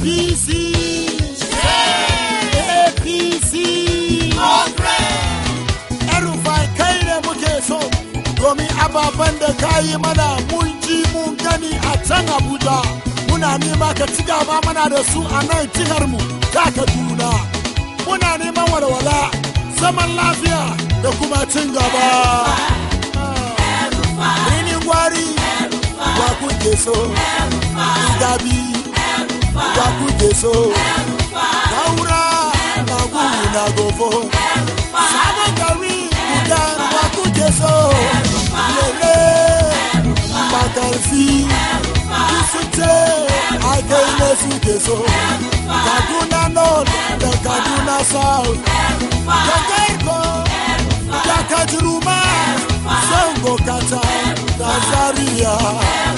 APC. Yeah. APC. Erufai kai ne muke so domin ababen da ka yi mana mun ji mun gani a can Abuja. Muna nema ka ci gaba mana da su a nan jiharmu ta Kaduna. Muna neman walwala, zaman lafiya da kuma cin gaba. Rinin gwari, ba kuke so, gabi. eso Laura maguna gofo Sade kari kuda waku jeso Yere Patalfi Kusute Agene su Kaduna North Kaduna South Kakaiko Kakajuruma Sango, Kata Tanzania